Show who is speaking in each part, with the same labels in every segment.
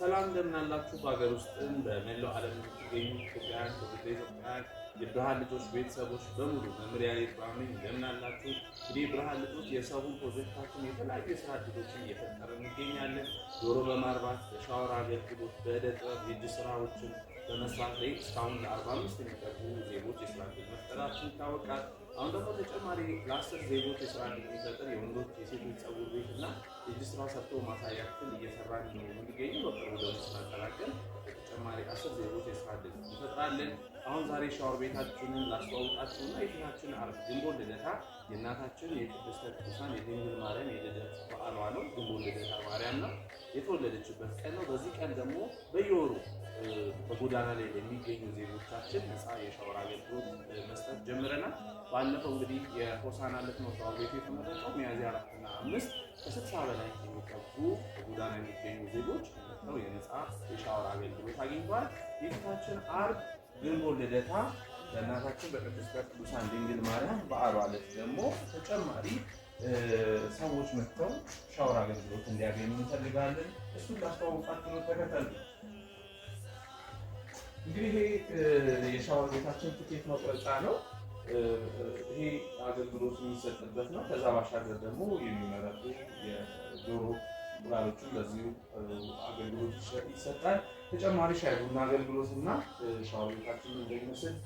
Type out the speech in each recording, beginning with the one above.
Speaker 1: ሰላም እንደምናላችሁ በሀገር ውስጥም በመላው ዓለም የምትገኙ ኢትዮጵያውያን፣ ትውልደ ኢትዮጵያውያን፣ የብርሃን ልጆች ቤተሰቦች በሙሉ መምሪያ ይባሚ እንደምናላችሁ። እንግዲህ ብርሃን ልጆች የሰቡን ፕሮጀክታችን የተለያዩ የስራ እድሎችን እየፈጠረ እንገኛለን። ዶሮ በማርባት በሻወር አገልግሎት፣ በእደ ጥበብ የእጅ ስራዎችን በመስራት ላይ እስካሁን ለአርባ አምስት የሚጠጉ ዜጎች የስራ እድል መፍጠራችን ይታወቃል። አሁን ደግሞ ተጨማሪ ለአስር ዜጎች የስራ እድል የሚፈጥር የወንዶች የሴቶች ጸጉር ሬጅስትሯን ሰርቶ ማሳያ ክፍል እየሰራ ነው የሚገኙ በቅርቡ ደግሞ ስናቀላቀል በተጨማሪ አስር ዜጎች የስራ ዕድል እንፈጥራለን። አሁን ዛሬ ሻወር ቤታችንን ላስተዋውቃችሁ ላስተዋውቃችሁና የፊታችን ዓርብ ግንቦት ልደታ የእናታችን የቅድስተ ቅዱሳን የድንግል ማርያም የልደት በዓሏ ነው ግንቦት የተወለደችበት ቀን ነው። በዚህ ቀን ደግሞ በየወሩ በጎዳና ላይ የሚገኙ ዜጎቻችን ነፃ የሻወር አገልግሎት መስጠት ጀምረናል። ባለፈው እንግዲህ የሆሳና ዕለት ነው ሻወር ቤቱ የተመረቀው። ሚያዝያ አራትና አምስት ከስልሳ በላይ የሚጠጉ በጎዳና የሚገኙ ዜጎች መጥተው የነፃ የሻወር አገልግሎት አግኝተዋል። የፊታችን አርብ ግንቦት ልደታ በእናታችን በቅድስት ቅዱሳን ድንግል ማርያም በዓሏ ዕለት ደግሞ ተጨማሪ ሰዎች መጥተው ሻወር አገልግሎት እንዲያገኙ እንፈልጋለን። እሱን ላስተዋውቃችሁ ነው። ተከተሉ። እንግዲህ ይሄ የሻወር ቤታችን ትኬት መቁረጫ ነው። ይሄ አገልግሎት የሚሰጥበት ነው። ከዛ ባሻገር ደግሞ የሚመረጡ የዶሮ እንቁላሎቹ ለዚሁ አገልግሎት ይሰጣል። ተጨማሪ ሻይ ቡና አገልግሎት እና ሻወር ቤታችን እንደሚመስል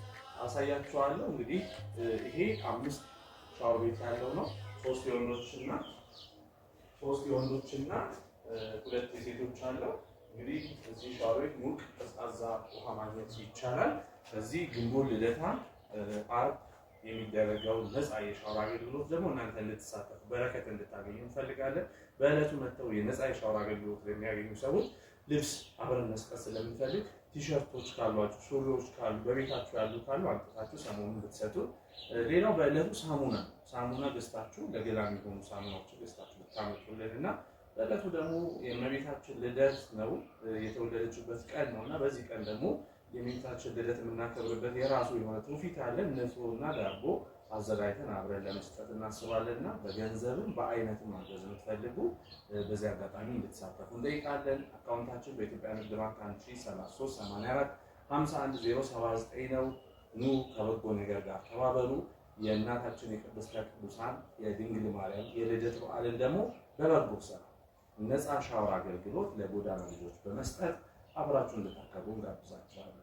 Speaker 1: አሳያችኋለሁ። እንግዲህ ይሄ አምስት ሻወር ቤት ያለው ነው። ሶስት የወንዶችና ሶስት የወንዶችና ሁለት የሴቶች አለው። እንግዲህ እዚህ ሻወር ቤት ሙቅ ቀዝቃዛ ውሃ ማግኘት ይቻላል። በዚህ ግንቦት ልደታ አርብ የሚደረገው ነፃ የሻወር አገልግሎት ደግሞ እናንተ እንድትሳተፉ በረከት እንድታገኙ እንፈልጋለን። በእለቱ መጥተው የነፃ የሻወር አገልግሎት ለሚያገኙ ሰዎች ልብስ አብረን መስጠት ስለምንፈልግ ቲሸርቶች ካሏችሁ፣ ሱሪዎች ካሉ፣ በቤታችሁ ያሉ ካሉ አግታችሁ ሰሞኑን ብትሰጡ። ሌላው በእለቱ ሳሙና ሳሙና ገዝታችሁ ለገላ የሚሆኑ ሳሙናዎችን ገዝታችሁ ብታመጡልን እና በእለቱ ደግሞ የእመቤታችን ልደት ነው የተወለደችበት ቀን ነው እና በዚህ ቀን ደግሞ የእመቤታችን ልደት የምናከብርበት የራሱ የሆነ ትውፊት አለ። እና ዳቦ አዘጋጅተን አብረን ለመስጠት እናስባለን እና በገንዘብም በአይነትም ማገዝ የምትፈልጉ በዚህ አጋጣሚ እንድትሳተፉ እንጠይቃለን። አካውንታችን በኢትዮጵያ ንግድ ባንክ 1384 ነው። ኑ ከበጎ ነገር ጋር ተባበሩ። የእናታችን የቅድስተ ቅዱሳን የድንግል ማርያም የልደት በዓልን ደግሞ በበጎ ስራ ነፃ ሻወር አገልግሎት ለጎዳና ልጆች በመስጠት አብራችሁ እንድታከቡ እንጋብዛችኋለን።